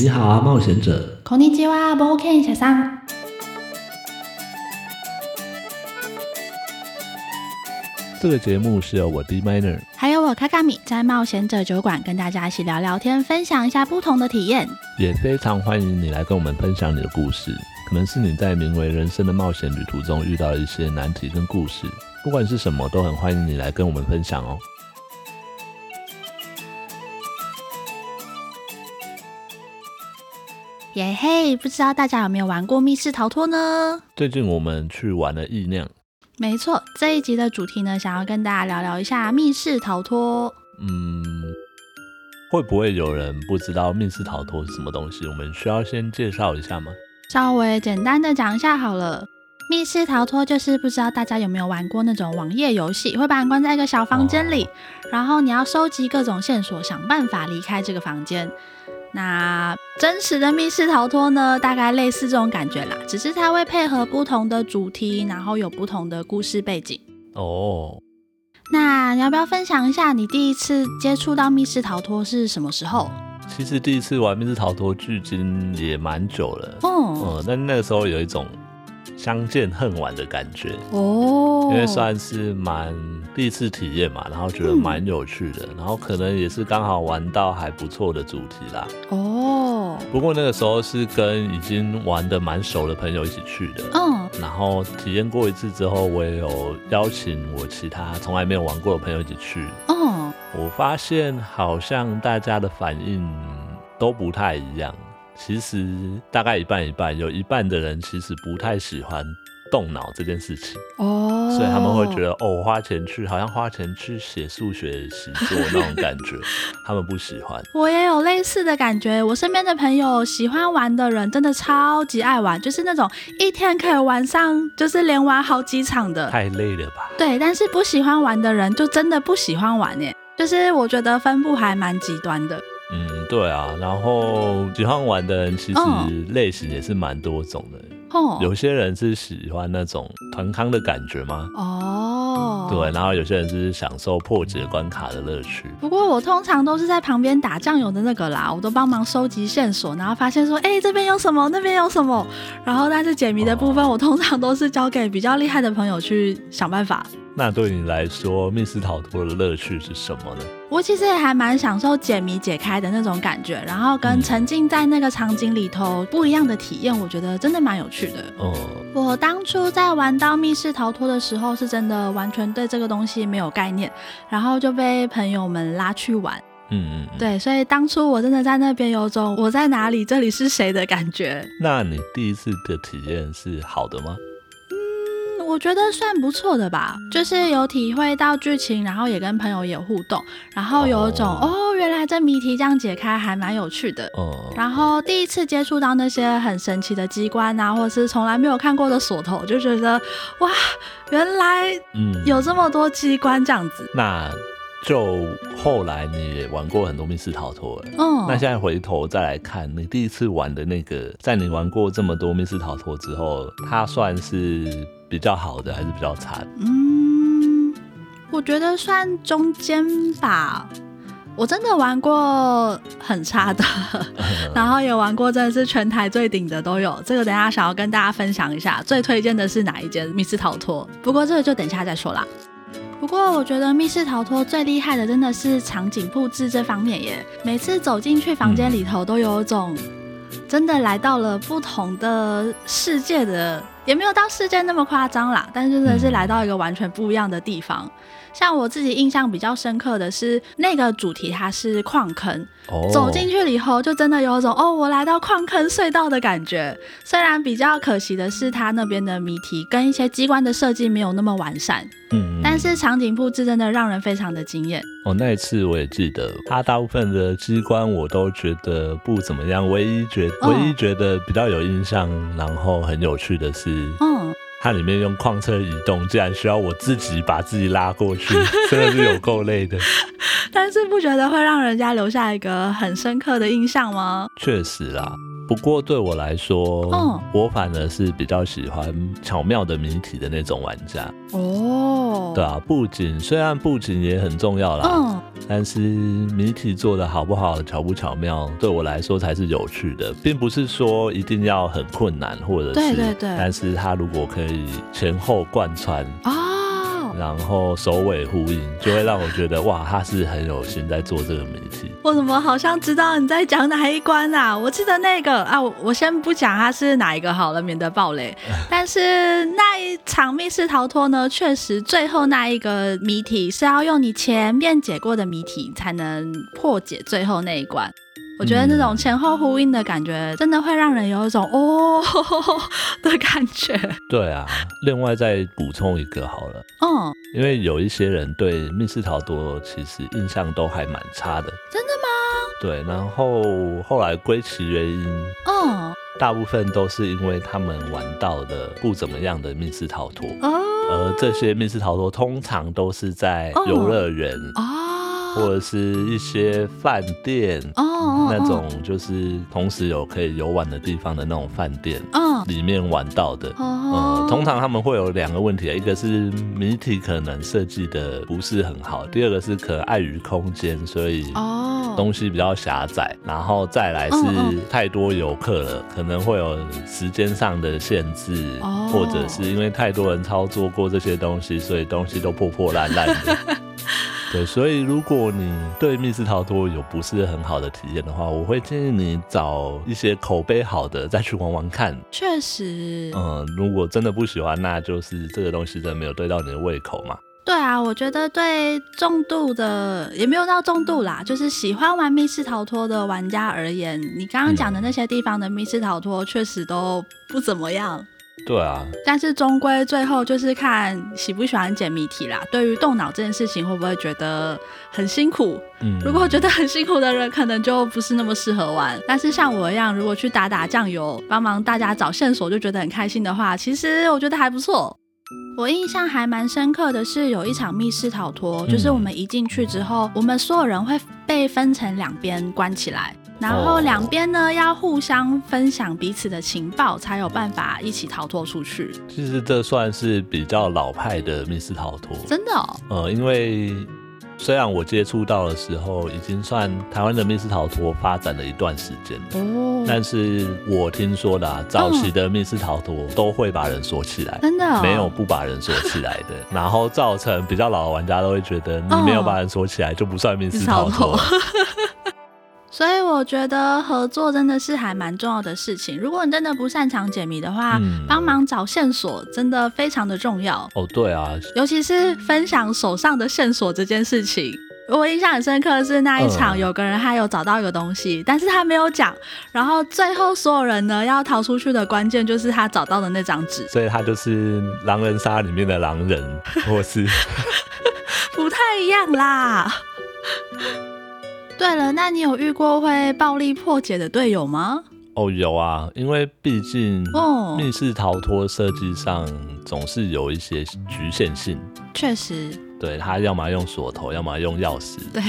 你好啊，冒險者。こんにちは、冒険者さん。這個節目是由我 D Minor，還有我卡卡米在冒險者酒館跟大家一起聊聊天，分享一下不同的體驗。也非常歡迎你來跟我們分享你的故事，可能是你在名為人生的冒險旅途中遇到了一些難題跟故事，不管是什麼，都很歡迎你來跟我們分享哦。耶嘿！不知道大家有沒有玩過密室逃脫呢？最近我們去玩了憶釀。沒錯，這一集的主題呢，想要跟大家聊聊一下密室逃脫。嗯，會不會有人不知道密室逃脫是什麼東西？我們需要先介紹一下嗎？稍微簡單的講一下好了。密室逃脫就是不知道大家有沒有玩過那種網頁遊戲，會把你關在一個小房間裡，哦、好好，然後你要收集各種線索，想辦法離開這個房間。那真實的密室逃脫呢，大概類似這種感覺啦，只是它會配合不同的主題，然後有不同的故事背景。哦，oh. 那你要不要分享一下你第一次接觸到密室逃脫是什麼時候？其實第一次玩密室逃脫，距今也蠻久了。Oh. 嗯，但那，那個時候有一種。相見恨晚的感覺哦，因為算是蠻第一次體驗嘛，然後覺得蠻有趣的，然後可能也是剛好玩到還不錯的主題啦哦。不過那個時候是跟已經玩得蠻熟的朋友一起去的，嗯，然後體驗過一次之後，我也有邀請我其他從來沒有玩過的朋友一起去，嗯，我發現好像大家的反應都不太一樣。其實大概一半一半，有一半的人其實不太喜歡動腦這件事情，哦、oh，所以他們會覺得哦，我花錢去好像花錢去寫數學習作那種感覺， 他們不喜歡。我也有類似的感覺，我身邊的朋友喜歡玩的人真的超級愛玩，就是那種一天可以玩上，就是連玩好幾場的。太累了吧？對，但是不喜歡玩的人就真的不喜歡玩耶，就是我覺得分布還蠻極端的。對啊，然後喜歡玩的人其實類型也是蠻多種的。哦，oh. oh. 有些人是喜歡那種團康的感覺嗎？哦，oh. 嗯，對，然後有些人是享受破解關卡的樂趣。不過我通常都是在旁邊打醬油的那個啦，我都幫忙收集線索，然後發現說，哎，這邊有什麼，那邊有什麼。然後但是解謎的部分，我通常都是交給比較厲害的朋友去想辦法。那對你來說，密室逃脫的樂趣是什麼呢？我其實也還蠻享受解謎解開的那種感覺，然後跟沉浸在那個場景裡頭不一樣的體驗，我覺得真的蠻有趣的。哦、嗯。我當初在玩到密室逃脫的時候，是真的完全對這個東西沒有概念，然後就被朋友們拉去玩。嗯、嗯嗯，對，所以當初我真的在那邊有種我在哪裡，這裡是誰的感覺。那你第一次的體驗是好的嗎？我覺得算不錯的吧，就是有體會到劇情，然後也跟朋友也互動，然後有一種、oh. 哦，原來這謎題這樣解開還蠻有趣的。Oh. 然後第一次接觸到那些很神奇的機關啊，或是從來沒有看過的鎖頭，就覺得哇，原來有這麼多機關這樣子。嗯、那。就後來你也玩過很多密室逃脫了，嗯，那現在回頭再來看你第一次玩的那個，在你玩過這麼多密室逃脫之後，它算是比較好的還是比較差？嗯，我覺得算中間吧。我真的玩過很差的， 然後也玩過真的是全台最頂的都有。這個等一下想要跟大家分享一下，最推薦的是哪一間密室逃脫？不過這個就等一下再說啦。不過，我覺得密室逃脫最厲害的真的是場景布置這方面耶。每次走進去房間裡頭，都有種真的來到了不同的世界的，也沒有到世界那麼誇張啦，但是真的是來到一個完全不一樣的地方。像我自己印象比較深刻的是那個主題，它是礦坑，哦、走進去以後就真的有種哦，我來到礦坑隧道的感覺。雖然比較可惜的是，它那邊的謎題跟一些機關的設計沒有那麼完善，嗯，但是場景佈置真的讓人非常的驚艷。哦，那一次我也記得，它大、大部分的機關我都覺得不怎麼樣，唯一覺得唯一覺得比較有印象，然後很有趣的是，嗯、哦。哦它裡面用礦車移動，竟然需要我自己把自己拉過去，真的是有夠累的。 但是不覺得會讓人家留下一個很深刻的印象嗎？確實啦，不過對我來說，嗯，我反而是比較喜歡巧妙的謎題的那種玩家。哦。對啊，布景雖然布景也很重要啦，但是謎題做的好不好，巧不巧妙，對我來說才是有趣的，並不是說一定要很困難，或者是，對對對，但是他如果可以前後貫穿。然後首尾呼應，就會讓我覺得哇，他是很有心在做這個謎題。我怎麼好像知道你在講哪一關啊？我記得那個啊，我先不講他是哪一個好了，免得暴雷。但是那一場密室逃脫呢，確實最後那一個謎題是要用你前面解過的謎題才能破解最後那一關。我覺得那種前後呼應的感覺，嗯、真的會讓人有一種“哦”的感覺。對啊，另外再補充一個好了。嗯。因為有一些人對密室逃脫其實印象都還蠻差的。真的嗎？對，然後後來歸其原因，嗯，大部分都是因為他們玩到的不怎麼樣的密室逃脫。哦、嗯。而這些密室逃脫通常都是在遊樂園。哦。或者是一些飯店，那種就是同時有可以遊玩的地方的那種飯店，裡面玩到的、嗯、通常他們會有兩個問題啊，一個是謎題可能設計的不是很好，第二個是可礙於空間，所以東西比較狹窄，然後再來是太多遊客了，可能會有時間上的限制，或者是因為太多人操作過這些東西，所以東西都破破爛爛的。 對，所以如果你對密室逃脫有不是很好的體驗的話，我會建議你找一些口碑好的再去玩玩看。確實，嗯，如果真的不喜歡，那就是這個東西真的沒有對到你的胃口嘛。對啊，我覺得對重度的，也沒有到重度啦，就是喜歡玩密室逃脫的玩家而言，你剛剛講的那些地方的密室逃脫確實都不怎麼樣。嗯。對啊，但是終歸最後就是看喜不喜歡解謎題啦。對於動腦這件事情，會不會覺得很辛苦？嗯，如果覺得很辛苦的人，可能就不是那麼適合玩。但是像我一樣，如果去打打醬油，幫忙大家找線索，就覺得很開心的話，其實我覺得還不錯。我印象還蠻深刻的是，有一場密室逃脫，嗯、就是我們一進去之後，我們所有人會被分成兩邊關起來。然後兩邊呢，要互相分享彼此的情報，才有辦法一起逃脫出去。其實這算是比較老派的密室逃脫，真的、哦。呃、嗯，因為雖然我接觸到的時候已經算台灣的密室逃脫發展了一段時間哦，但是我聽說的、啊、早期的密室逃脫都會把人鎖起來，真的、哦、沒有不把人鎖起來的。 然後造成比較老的玩家都會覺得，你沒有把人鎖起來就不算密室逃脫。 所以我覺得合作真的是還蠻重要的事情。如果你真的不擅長解謎的話，嗯、幫忙找線索真的非常的重要。哦，對啊，尤其是分享手上的線索這件事情。我印象很深刻的是那一場，有個人他有找到一個東西，嗯、但是他沒有講。然後最後所有人呢要逃出去的關鍵就是他找到的那張紙。所以他就是狼人殺裡面的狼人，或是 不太一樣啦。 對了，那你有遇過會暴力破解的隊友嗎？哦，有啊，因為畢竟密室逃脫設計上總是有一些局限性。確實，對，他要麼用鎖頭，要麼用鑰匙。對，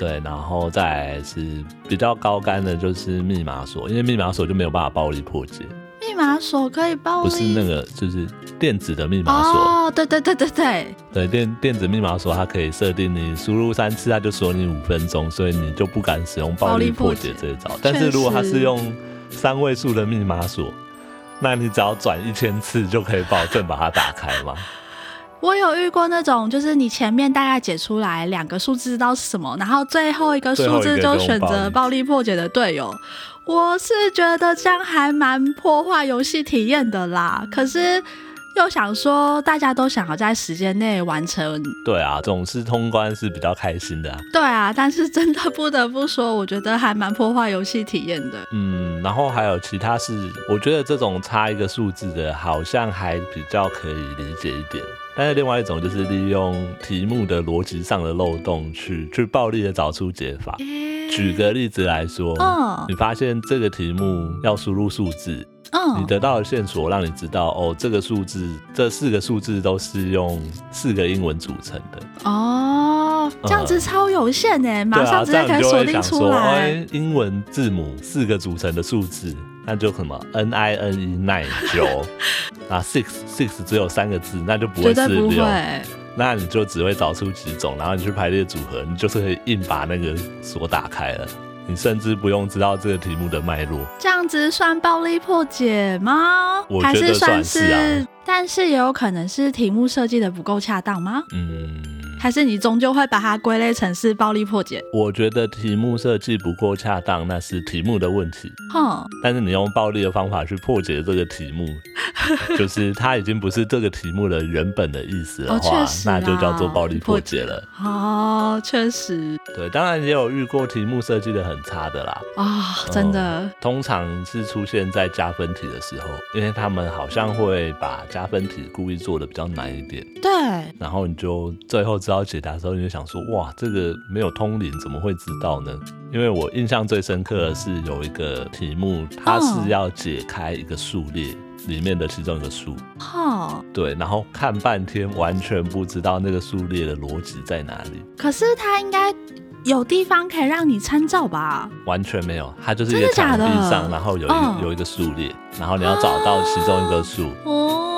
對，然後再來是比較高竿的，就是密碼鎖，因為密碼鎖就沒有辦法暴力破解。密碼鎖可以暴力，不是那個，就是。電子的密碼鎖哦，對對對對對，對電電子密碼鎖，它可以設定你輸入三次，它就鎖你五分鐘，所以你就不敢使用暴力破解這一招。但是，如果它是用三位數的密碼鎖，確實，那你只要轉一千次就可以保證把它打開嗎？我有遇過那種，就是你前面大概解出來兩個數字知道是什麼，然後最後一個數字就選擇暴力破解的隊友。我是覺得這樣還蠻破壞遊戲體驗的啦。可是。又想說，大家都想要在時間內完成。對啊，總是通關是比較開心的啊。對啊，但是真的不得不說，我覺得還蠻破壞遊戲體驗的。嗯，然後還有其他是，我覺得這種差一個數字的，好像還比較可以理解一點。但是另外一種就是利用題目的邏輯上的漏洞去去暴力的找出解法。舉個例子來說，嗯、你發現這個題目要輸入數字，嗯、你得到的線索讓你知道，哦，這個數字，這四個數字都是用四個英文組成的。哦，嗯、這樣子超有限誒、欸，馬上直接可以鎖定出來、欸。英文字母四個組成的數字。那就什麼 N I N E 耐久啊，six six 只有三個字，那就不會是六，欸、那你就只會找出幾種，然後你去排列組合，你就是可以硬把那個鎖打開了。你甚至不用知道這個題目的脈絡，這樣子算暴力破解嗎？是啊、還是算是啊。但是也有可能是題目設計得不夠恰當嗎？嗯。還是你終究會把它歸類成是暴力破解。我覺得題目設計不夠恰當，那是題目的問題。哼、嗯。但是你用暴力的方法去破解這個題目， 就是它已經不是這個題目的原本的意思的話，哦、那就叫做暴力破解了。哦，確實。對，當然也有遇過題目設計的很差的啦。啊、哦，真的、嗯。通常是出現在加分題的時候，因為他們好像會把加分題故意做的比較難一點。對。然後你就最後只。要解答的時候，你就想說：哇，這個沒有通靈怎麼會知道呢？因為我印象最深刻的是有一個題目，它是要解開一個數列裡面的其中一個數。哈，oh. 對，然後看半天，完全不知道那個數列的邏輯在哪裡。可是它應該有地方可以讓你參照吧？完全沒有，它就是一張紙上，真的假的？然後有一、oh. 有一個數列，然後你要找到其中一個數。哦。Oh. Oh.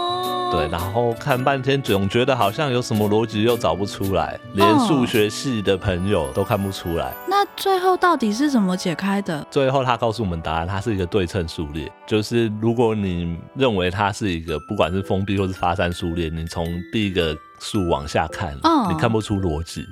對，然後看半天，總覺得好像有什麼邏輯又找不出來，連數學系的朋友都看不出來。哦，那最後到底是怎麼解開的？最後他告訴我們答案，它是一個對稱數列，就是如果你認為它是一個不管是封閉或是發散數列，你從第一個。數往下看，oh. 你看不出邏輯，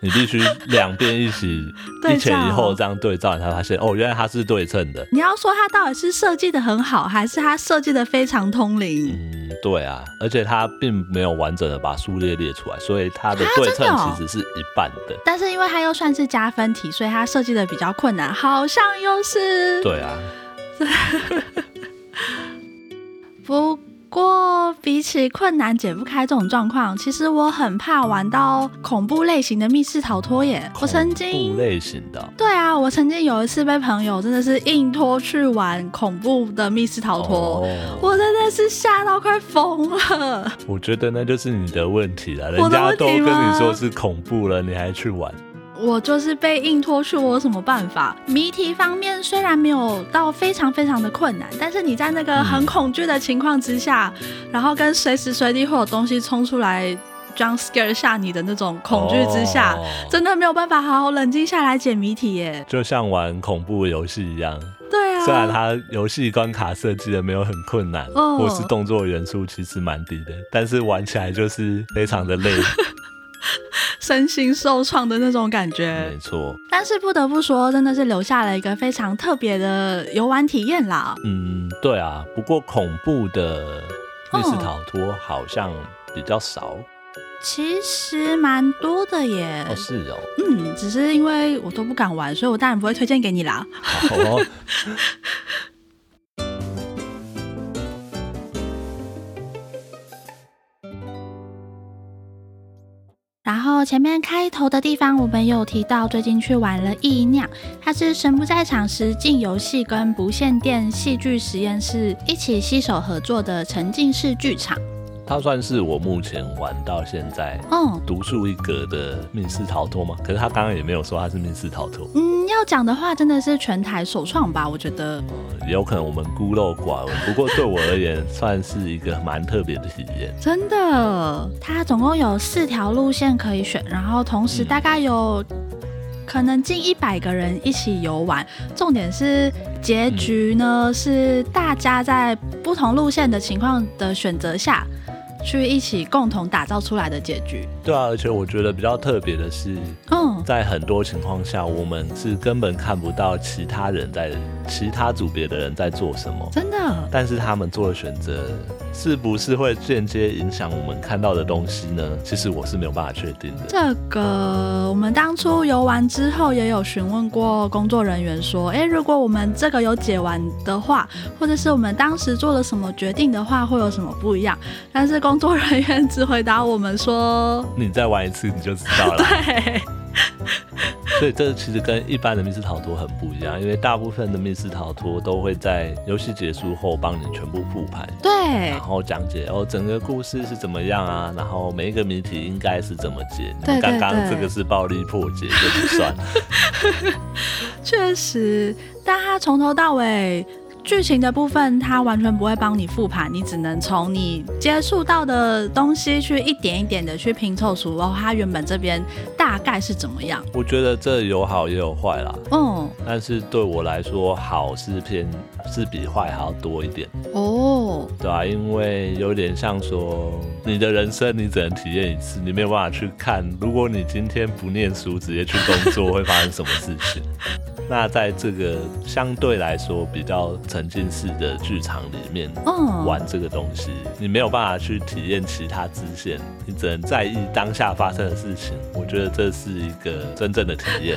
你必須兩邊一起 對一前一後這樣對照，你才發現哦，原來它是對稱的。你要說它到底是設計得很好，還是它設計得非常通靈？嗯，對啊，而且它並沒有完整的把數列列出來，所以它的對稱其實是一半的。啊啊、真的有？但是因為它又算是加分題，所以它設計得比較困難，好像又是對啊。 不過。比起困難解不開這種狀況，其實我很怕玩到恐怖類型的密室逃脫耶。我曾經。恐怖類型的。對啊，我曾經有一次被朋友真的是硬拖去玩恐怖的密室逃脫，哦。我真的是嚇到快瘋了。我覺得那就是你的問題啦。我的問題嗎？人家都跟你說是恐怖了，你還去玩。我就是被硬拖去，我有什麼辦法？謎題方面雖然沒有到非常非常的困難，但是你在那個很恐懼的情況之下，嗯、然後跟隨時隨地會有東西衝出來 jump scare 下你的那種恐懼之下，哦、真的沒有辦法好好冷靜下來解謎題耶，就像玩恐怖遊戲一樣。對啊，雖然它遊戲關卡設計的沒有很困難，哦、或是動作元素其實蠻低的，但是玩起來就是非常的累。 身心受創的那種感覺，沒錯。但是不得不說，真的是留下了一個非常特別的遊玩體驗啦。嗯，對啊。不過恐怖的密室逃脫好像比較少。哦，其實蠻多的耶。哦，是哦。嗯，只是因為我都不敢玩，所以我當然不會推薦給你啦。好哦 然後前面開頭的地方，我們有提到最近去玩了《憶釀》，它是神不在場時、進遊戲跟不限電戲劇實驗室一起攜手合作的沉浸式劇場。它算是我目前玩到現在，嗯，獨樹一格的密室逃脫嗎？嗯、可是他剛剛也沒有說他是密室逃脫。嗯，要講的話，真的是全台首創吧？我覺得、嗯，有可能我們孤陋寡聞。不過對我而言，算是一個蠻特別的體驗。 真的，它總共有四條路線可以選，然後同時大概有。嗯可能近一百個人一起遊玩，重點是結局呢，是大家在不同路線的情況的選擇下，去一起共同打造出來的結局。對啊，而且我覺得比較特別的是，嗯、在很多情況下，我們是根本看不到其他人在其他組別的人在做什麼。真的？但是他們做的選擇是不是會間接影響我們看到的東西呢？其實我是沒有辦法確定的。這個，我們當初遊玩之後也有詢問過工作人員，說，哎、欸，如果我們這個有解完的話，或者是我們當時做了什麼決定的話，會有什麼不一樣？但是工作人員只回答我們說。你再玩一次你就知道了。 對 所以這其實跟一般的密室逃脫很不一樣，因為大部分的密室逃脫都會在遊戲結束後幫你全部復盤。對、嗯，然後講解哦整個故事是怎麼樣啊，然後每一個謎題應該是怎麼解。對，剛剛這個是暴力破解，就對算。確 實，但他從頭到尾。劇情的部分，他完全不會幫你復盤，你只能從你接觸到的東西去一點一點的去拼湊出哦，他原本這邊大概是怎麼樣？我覺得這有好也有壞啦，嗯，但是對我來說，好是偏是比壞還要多一點哦，對啊，因為有點像說，你的人生你只能體驗一次，你沒有辦法去看，如果你今天不念書，直接去工作 會發生什麼事情？那在這個相對來說比較。沉浸式的劇場裡面玩這個東西，嗯、你沒有辦法去體驗其他支線，你只能在意當下發生的事情。我覺得這是一個真正的體驗，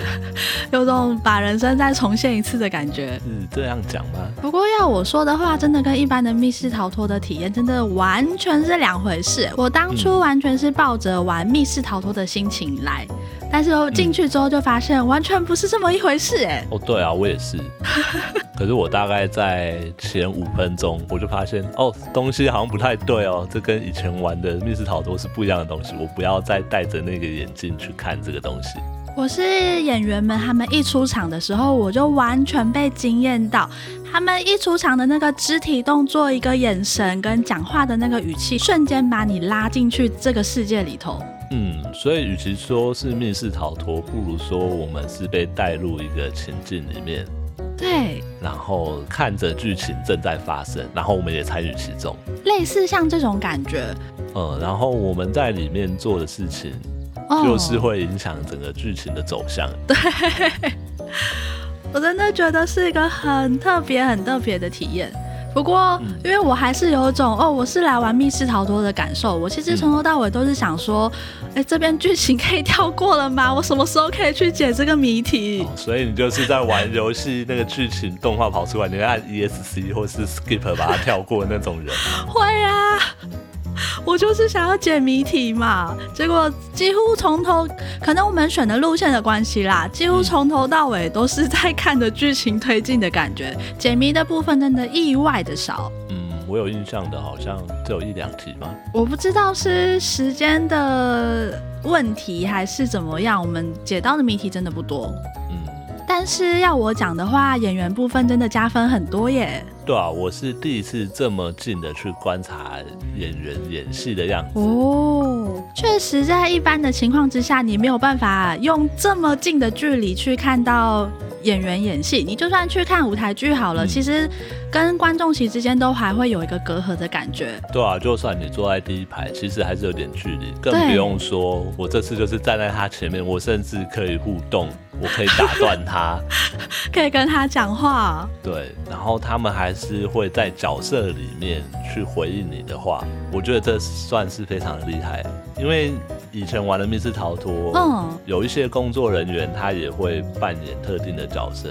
有種把人生再重現一次的感覺。是這樣講嗎？不過要我說的話，真的跟一般的密室逃脫的體驗真的完全是兩回事。我當初完全是抱着玩密室逃脫的心情來，但是進去之後就發現完全不是這麼一回事。哎、嗯嗯，哦，對啊，我也是。 可是我大概在前五分鐘，我就發現哦，東西好像不太對哦，這跟以前玩的密室逃脫是不一樣的東西。我不要再戴着那個眼鏡去看這個東西。我是演員們，他們一出場的時候，我就完全被驚艷到。他們一出場的那個肢體動作、一個眼神跟講話的那個語氣，瞬間把你拉進去這個世界裡頭。嗯，所以與其說是密室逃脫，不如說我們是被帶入一個情境裡面。對，然後看着劇情正在發生，然後我們也參與其中，類似像這種感覺。嗯，然後我們在裡面做的事情，就是會影響整個劇情的走向。對，我真的覺得是一個很特別、很特別的體驗。不過，因為我還是有一種、嗯、哦，我是來玩密室逃脫的感受。我其實從頭到尾都是想說，哎、嗯欸，這邊劇情可以跳過了嗎？我什麼時候可以去解這個謎題，哦？所以你就是在玩遊戲，那個劇情動畫跑出來， 你要按 ESC 或是 Skip 把它跳過那種人。會啊。我就是想要解謎題嘛，結果幾乎從頭，可能我們選的路線的關係啦，幾乎從頭到尾都是在看的劇情推進的感覺，嗯，解謎的部分真的意外的少。嗯，我有印象的，好像只有一兩題吧。我不知道是時間的問題還是怎麼樣，我們解到的謎題真的不多。嗯，但是要我講的話，演員部分真的加分很多耶。對啊，我是第一次這麼近的去觀察演員演戲的樣子哦。確實，在一般的情況之下，你沒有辦法用這麼近的距離去看到。演員演戲，你就算去看舞台劇好了，嗯、其實跟觀眾席之間都還會有一個隔閡的感覺。對啊，就算你坐在第一排，其實還是有點距離，更不用說對我這次就是站在他前面，我甚至可以互動，我可以打斷他， 可以跟他講話。對，然後他們還是會在角色裡面去回應你的話，我覺得這算是非常的厲害，因為。以前玩的密室逃脫，有一些工作人員他也會扮演特定的角色，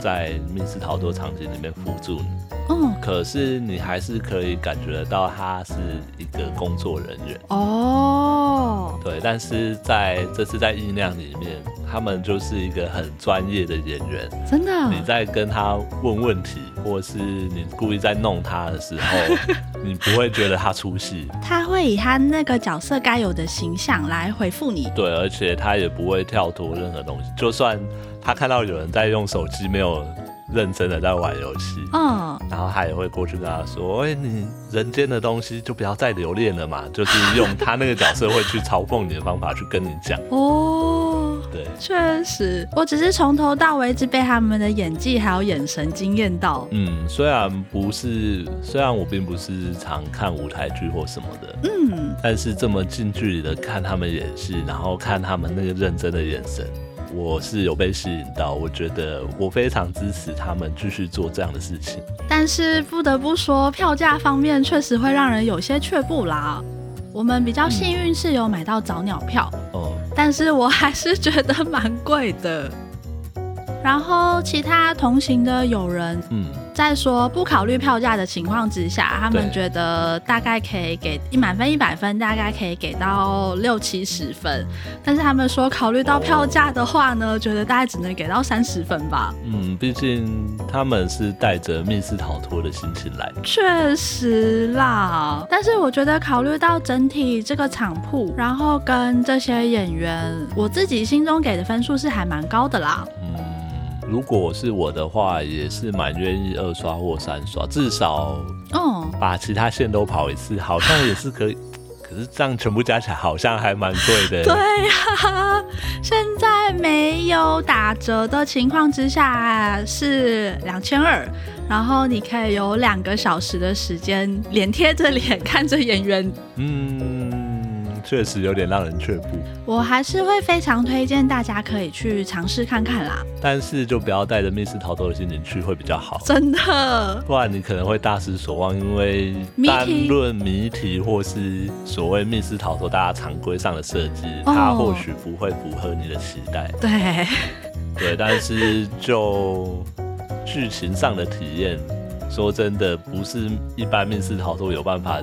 在密室逃脫場景裡面輔助你。嗯、可是你還是可以感覺得到他是一個工作人員哦。對，但是在這次在憶釀裡面，他們就是一個很專業的演員。真的？你在跟他問問題，或是你故意在弄他的時候， 你不會覺得他出戲。他會以他那個角色該有的形象來回覆你。對，而且他也不會跳脫任何東西。就算他看到有人在用手機，沒有。認真的在玩遊戲，嗯，然後他也會過去跟他說：“喂、哎，你人間的東西就不要再留戀了嘛，就是用他那個角色會去嘲諷你的方法 去跟你講。”哦，對，確實，我只是從頭到尾一直被他們的演技還有眼神驚艷到。嗯，雖然不是，雖然我並不是常看舞台劇或什麼的，嗯，但是這麼近距離的看他們演戲，然後看他們那個認真的眼神。我是有被吸引到，我覺得我非常支持他們繼續做這樣的事情。但是不得不說，票價方面確實會讓人有些卻步啦。我們比較幸運是有買到早鳥票，嗯，但是我還是覺得蠻貴的。然後其他同行的友人，嗯。再說不考慮票價的情況之下，他們覺得大概可以給一滿分一百分，大概可以給到六七十分。但是他們說考慮到票價的話呢，oh. 覺得大概只能給到三十分吧。嗯，畢竟他們是帶着密室逃脫的心情來。確實啦，但是我覺得考慮到整體這個場鋪，然後跟這些演員，我自己心中給的分數是還蠻高的啦。如果是我的話，也是蠻願意二刷或三刷，至少，哦，把其他線都跑一次，哦、好像也是可以。 可是這樣全部加起來，好像還蠻貴的。對呀，啊，現在沒有打折的情況之下是兩千二，然後你可以有兩個小時的時間，臉貼着臉看着演員，嗯。確實有點讓人卻步，我還是會非常推薦大家可以去嘗試看看啦。但是就不要帶着密室逃脫的心情去會比較好，真的、嗯，不然你可能會大失所望。因為單論謎題或是所謂密室逃脫，大家常規上的設計，它或許不會符合你的期待。對，對，但是就劇情上的體驗，說真的，不是一般密室逃脫有辦法，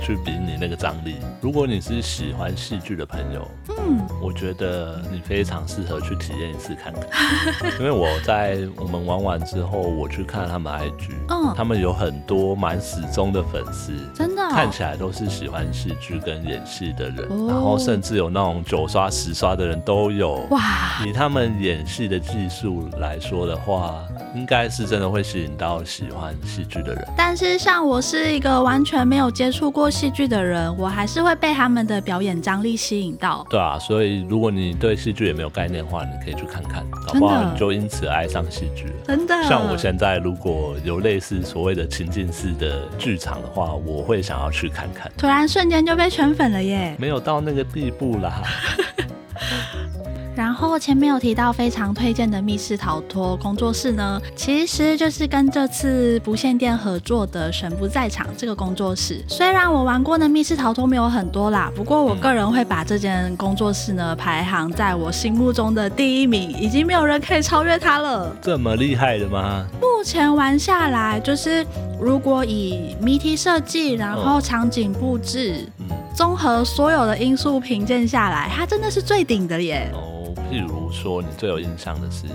去比你那個張力，如果你是喜歡戲劇的朋友，嗯，我覺得你非常適合去體驗一次看看，因為我在我們玩完之後，我去看他們 IG，他們有很多蠻死忠的粉絲。看起來都是喜歡戲劇跟演戲的人，oh. 然後甚至有那種九刷十刷的人都有哇！Wow. 以他們演戲的技術來說的話，應該是真的會吸引到喜歡戲劇的人。但是像我是一個完全沒有接觸過戲劇的人，我還是會被他們的表演張力吸引到。對啊，所以如果你對戲劇也沒有概念的話，你可以去看看，搞不好你就因此愛上戲劇。真的，像我現在如果有類似所謂的情境式的劇場的話，我會想。然後去看看，突然瞬間就被圈粉了耶！沒有到那個地步啦。 然後前面有提到非常推薦的密室逃脫工作室呢，其實就是跟這次不限電合作的神不在場這個工作室。雖然我玩過的密室逃脫沒有很多啦，不過我個人會把這間工作室呢排行在我心目中的第一名，已經沒有人可以超越它了。這麼厲害的嗎？目前玩下來，就是如果以謎題設計，然後場景布置，哦嗯、綜合所有的因素評鑑下來，它真的是最頂的耶。例如說，你最有印象的是，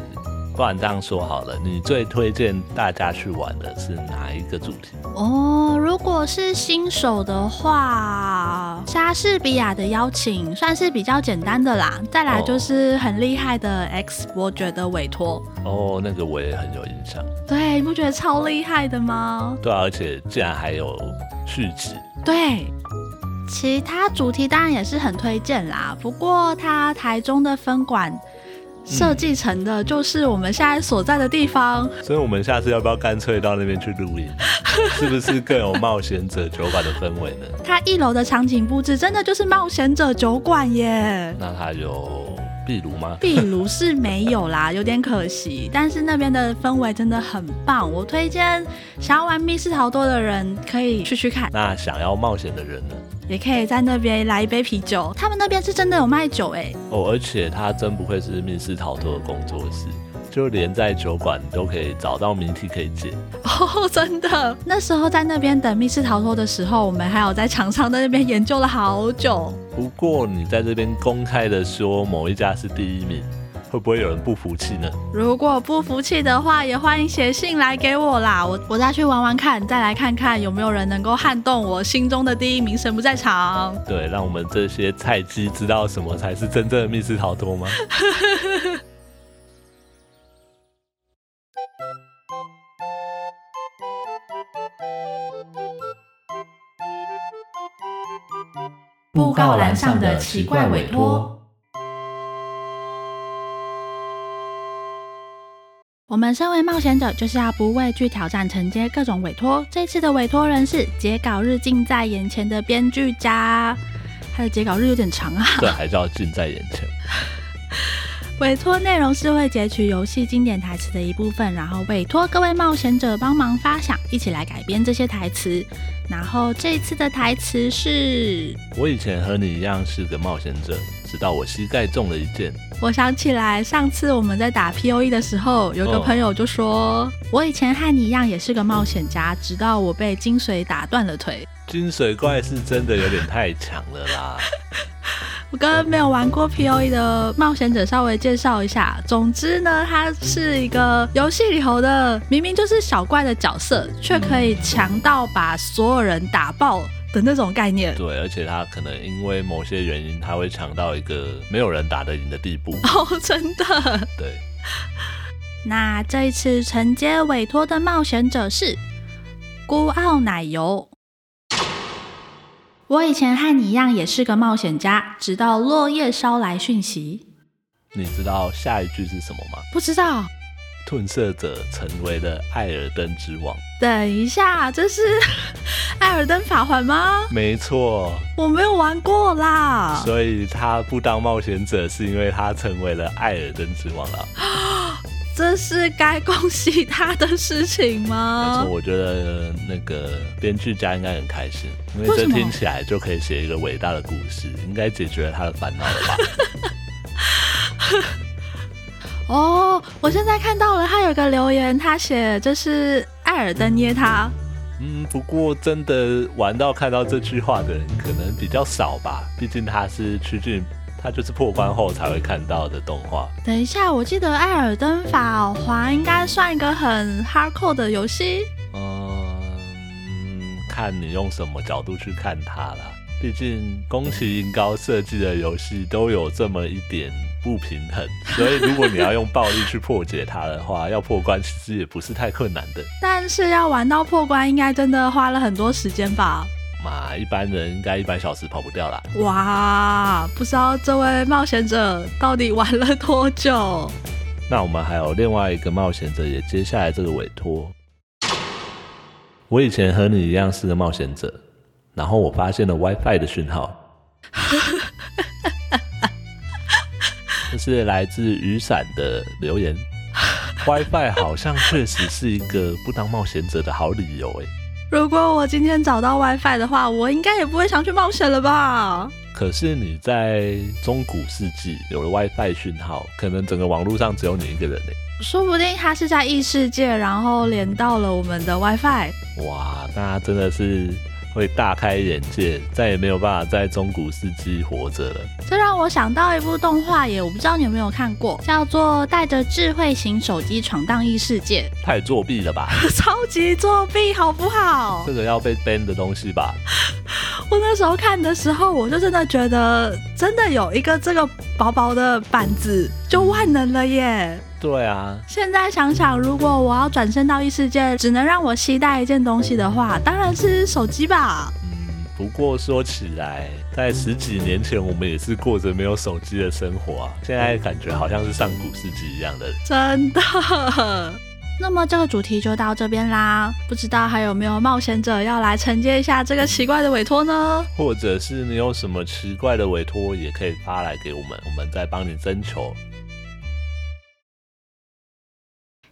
不然這樣說好了，你最推薦大家去玩的是哪一個主題？哦，如果是新手的話，莎士比亞的邀請算是比較簡單的啦。再來就是很厲害的 X、哦、伯爵的委托。哦，那個我也很有印象。對，你不覺得超厲害的嗎？對、啊、而且竟然還有續集。對。其他主題當然也是很推薦啦，不過它台中的分館設計成的就是我們現在所在的地方，嗯、所以我們下次要不要乾脆到那邊去錄影， 是不是更有冒險者酒館的氛圍呢？它一樓的場景布置真的就是冒險者酒館耶，嗯、那它有。壁爐嗎？壁 爐是沒有啦，有點可惜。但是那邊的氛圍真的很棒，我推薦想要玩密室逃脫的人可以去去看。那想要冒險的人呢？也可以在那邊來一杯啤酒，他們那邊是真的有賣酒誒、欸、哦，而且他真不愧是密室逃脫的工作室。就連在酒館都可以找到謎題可以解哦，oh, 真的。那時候在那邊等密室逃脫的時候，我們還有在牆上在那邊研究了好久。不過你在這邊公開的說某一家是第一名，會不會有人不服氣呢？如果不服氣的話，也歡迎寫信來給我啦。我我再去玩玩看，再來看看有沒有人能夠撼動我心中的第一名。神不在場。嗯，對，讓我們這些菜雞知道什麼才是真正的密室逃脫嗎？ 布告欄上的奇怪委託。委我們身為冒險者，就是要不畏懼挑戰，承接各種委託。這次的委託人是截稿日近在眼前的編劇家，他的截稿日有點長啊。對，還是要近在眼前。 委託內容是會截取遊戲經典台詞的一部分，然後委託各位冒險者幫忙發想，一起來改編這些台詞。然後這一次的台詞是：我以前和你一樣是個冒險者，直到我膝蓋中了一箭。我想起來，上次我們在打 POE 的時候，有個朋友就說：哦、我以前和你一樣也是個冒險家，嗯、直到我被精髓打斷了腿。精髓怪是真的有點太強了啦。 跟沒有玩過 POE 的冒險者稍微介紹一下。總之呢，它是一個遊戲裡頭的明明就是小怪的角色，卻可以強到把所有人打爆的那種概念。對，而且他可能因為某些原因，他會強到一個沒有人打得贏的地步。哦，真的？對。那這一次承接委託的冒險者是孤傲奶油。我以前和你一樣也是個冒險家，直到落葉捎來訊息。你知道下一句是什麼嗎？不知道。褪色者成為了艾爾登之王。等一下，這是艾爾登法環嗎？沒錯錯，我沒有玩過啦。所以他不當冒險者，是因為他成為了艾爾登之王啦、啊。 這是該恭喜他的事情嗎？是，我覺得那個編劇家應該很開心，因為這聽起來就可以寫一個偉大的故事，應該解決了他的煩惱了吧？ 哦，我現在看到了，他有個留言，他寫這，就是艾爾登捏他嗯。嗯，不過真的玩到看到這句話的人可能比較少吧，畢竟他是吃進。它就是破關後才會看到的動畫。等一下，我記得《艾爾登法環》應該算一個很 hardcore 的遊戲。嗯，看你用什麼角度去看它啦。畢竟宮崎英高設計的遊戲都有這麼一點不平衡，所以如果你要用暴力去破解它的話， 要破關其實也不是太困難的。但是要玩到破關，應該真的花了很多時間吧？一般人應該一百小時跑不掉啦。哇，不知道這位冒險者到底玩了多久？那我們還有另外一個冒險者也接下來這個委托。我以前和你一樣是個冒險者，然後我發現了 WiFi 的訊號。 這是來自雨傘的留言。 WiFi 好像確實是一個不當冒險者的好理由欸。如果我今天找到 WiFi 的話，我應該也不會想去冒險了吧？可是你在中古世紀有了 WiFi 訊號，可能整個網絡上只有你一個人嘞、欸。說不定他是在異世界，然後連到了我們的 WiFi。Fi、哇，那真的是。會大開眼界，再也沒有辦法在中古世紀活着了。這讓我想到一部動畫耶，我不知道你有沒有看過，叫做《帶着智慧型手機闖蕩異世界》。太作弊了吧！ 超級作弊，好不好？這個要被 ban 的東西吧。 我那時候看的時候，我就真的覺得，真的有一個這個薄薄的板子就萬能了耶。對啊，現在想想，如果我要轉生到異世界，只能讓我攜帶一件東西的話，當然是手機吧。嗯，不過說起來，在十幾年前，我們也是過着沒有手機的生活啊。現在感覺好像是上古世紀一樣的。真的？那麼這個主題就到這邊啦。不知道還有沒有冒險者要來承接一下這個奇怪的委託呢？或者是你有什麼奇怪的委託，也可以發來給我們，我們再幫你徵求。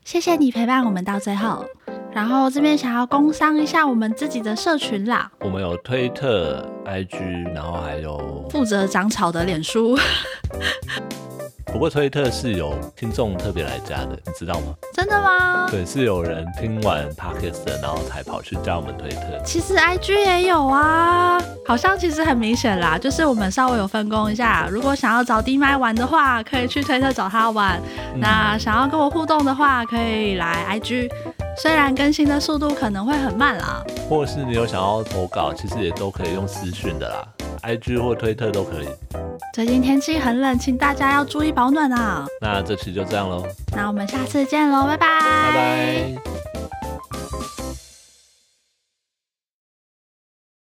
謝謝你陪伴我們到最後，然後這邊想要工商一下我們自己的社群啦。我們有推特、IG，然後還有負責長草的臉書。 不過推特是有聽眾特別來加的，你知道嗎？真的嗎？對，是有人聽完 podcast 的，然後才跑去加我們推特。其實 IG 也有啊，好像其實很明顯啦，就是我們稍微有分工一下。如果想要找 D 麥玩的話，可以去推特找他玩；嗯、那想要跟我互動的話，可以來 IG。雖然更新的速度可能會很慢啦，或者是你有想要投稿，其實也都可以用私訊的啦。IG 或推特都可以。最近天氣很冷，請大家要注意保暖啊！那這期就這樣嘍，那我們下次見嘍，拜拜。Bye bye。